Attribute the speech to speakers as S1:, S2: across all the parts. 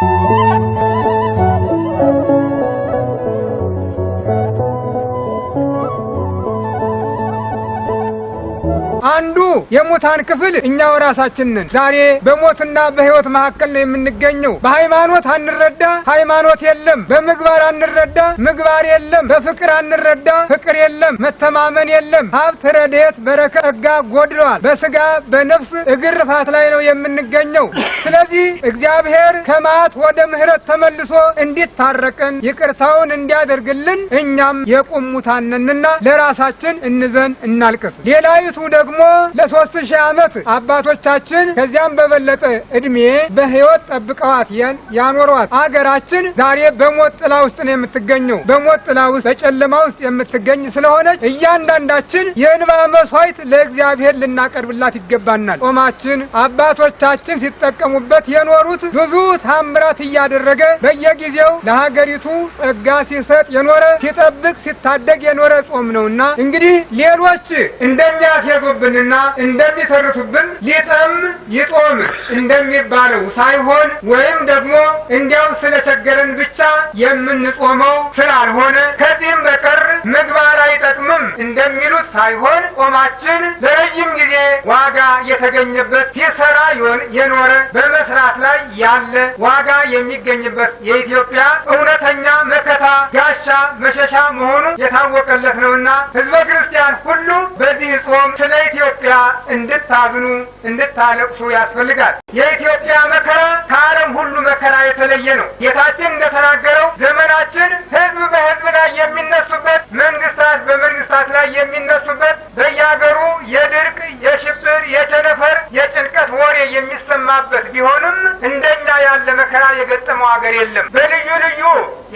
S1: Música አንዱ የሙታን ክፍል እኛው ራሳችን ነን። ዛሬ በሞትና በሕይወት መካከል ነው የምንገኘው። በሃይማኖት አንረዳ፣ ሃይማኖት የለም። በምግባር አንረዳ፣ ምግባር የለም። በፍቅር አንረዳ፣ ፍቅር የለም። መተማመን የለም። ሀብት፣ ረድኤት፣ በረከት፣ ጸጋ ጎድሏል። በስጋ በነፍስ እግር ፋት ላይ ነው የምንገኘው። ስለዚህ እግዚአብሔር ከማት ወደ ምህረት ተመልሶ እንዲታረቀን ይቅርታውን እንዲያደርግልን እኛም የቁም ሙታን ነንና ለራሳችን እንዘን እናልቅስ። ሌላዊቱ ደግሞ ደግሞ ለሶስት ሺህ ዓመት አባቶቻችን ከዚያም በበለጠ እድሜ በህይወት ጠብቀዋት ያኖሯት አገራችን ዛሬ በሞት ጥላ ውስጥ ነው የምትገኘው። በሞት ጥላ ውስጥ በጨለማ ውስጥ የምትገኝ ስለሆነች እያንዳንዳችን የእንባ መስዋዕት ለእግዚአብሔር ልናቀርብላት ይገባናል። ጾማችን አባቶቻችን ሲጠቀሙበት የኖሩት ብዙ ታምራት እያደረገ በየጊዜው ለሀገሪቱ ጸጋ ሲሰጥ የኖረ ሲጠብቅ ሲታደግ የኖረ ጾም ነውና እንግዲህ ሌሎች እንደሚያስሄዱበት እንደሚሰሩብንና እንደሚሰርቱብን ሊጠም ይጦም እንደሚባለው ሳይሆን ወይም ደግሞ እንዲያው ስለቸገረን ብቻ የምንጾመው ስላልሆነ ከዚህም በቀር ምግባር አይጠቅምም እንደሚሉት ሳይሆን ጾማችን ለረጅም ጊዜ ዋጋ የተገኘበት ሲሰራ የኖረ በመስራት ላይ ያለ ዋጋ የሚገኝበት የኢትዮጵያ እውነተኛ መከታ መሸሻ መሆኑ የታወቀለት ነውና ህዝበ ክርስቲያን ሁሉ በዚህ ጾም ስለ ኢትዮጵያ እንድታዝኑ እንድታለቅሱ ያስፈልጋል። የኢትዮጵያ መከራ ከዓለም ሁሉ መከራ የተለየ ነው። ጌታችን እንደተናገረው ዘመናችን ህዝብ በህዝብ ላይ የሚነሱበት፣ መንግስታት በመንግስታት ላይ የሚነሱበት፣ በየሀገሩ የድርቅ የሽብር፣ የቸነፈር፣ የጭንቀት ወሬ የሚሰማበት ቢሆንም እንደኛ ያለ መከራ የገጠመው ሀገር የለም። በልዩ ልዩ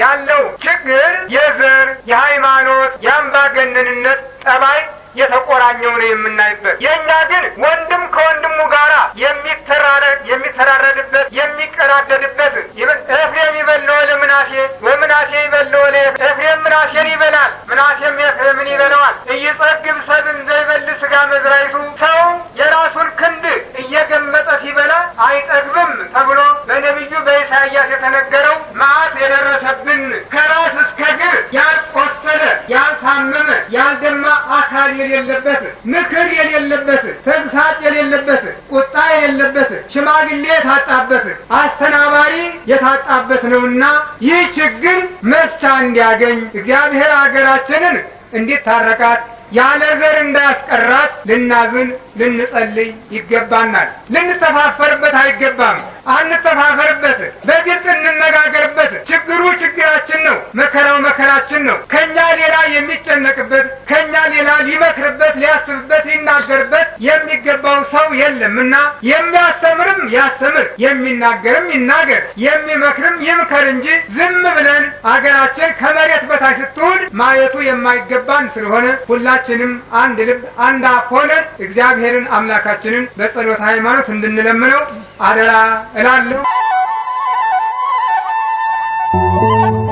S1: ያለው ችግር የዘር፣ የሃይማኖት፣ የአምባገነንነት ጠባይ የተቆራኘው ነው የምናይበት። የእኛ ግን ወንድም ከወንድሙ የሚተራረድ የሚተራረድበት የሚቀራደድበት ኤፍሬም ይበልለወ ለምናሴ ወምናሴ ይበልለወ ኤፍሬም ምናሴን ይበላል፣ ምናሴም ኤፍሬምን ይበለዋል። እይጸግብ ሰብን ዘይበል ስጋ መዝራይቱ ሐሳብ የሌለበት ምክር የሌለበት ተግሳጽ የሌለበት ቁጣ የሌለበት ሽማግሌ የታጣበት አስተናባሪ የታጣበት ነውና ይህ ችግር መፍቻ እንዲያገኝ እግዚአብሔር ሀገራችንን እንዲታረቃት ያለ ዘር እንዳያስቀራት ልናዝን ልንጸልይ ይገባናል። ልንተፋፈርበት አይገባም። አንተፋፈርበት፣ በግልጽ እንነጋገር። ችግሩ ችግራችን ነው፣ መከራው መከራችን ነው። ከኛ ሌላ የሚጨነቅበት ከኛ ሌላ ሊመክርበት፣ ሊያስብበት፣ ሊናገርበት የሚገባው ሰው የለም እና የሚያስተምርም ያስተምር፣ የሚናገርም ይናገር፣ የሚመክርም ይምከር እንጂ ዝም ብለን አገራችን ከመሬት በታች ስትውል ማየቱ የማይገባን ስለሆነ ሁላችንም አንድ ልብ አንድ አፍ ሆነን እግዚአብሔርን አምላካችንን በጸሎት ሃይማኖት እንድንለምነው አደራ እላለሁ። Música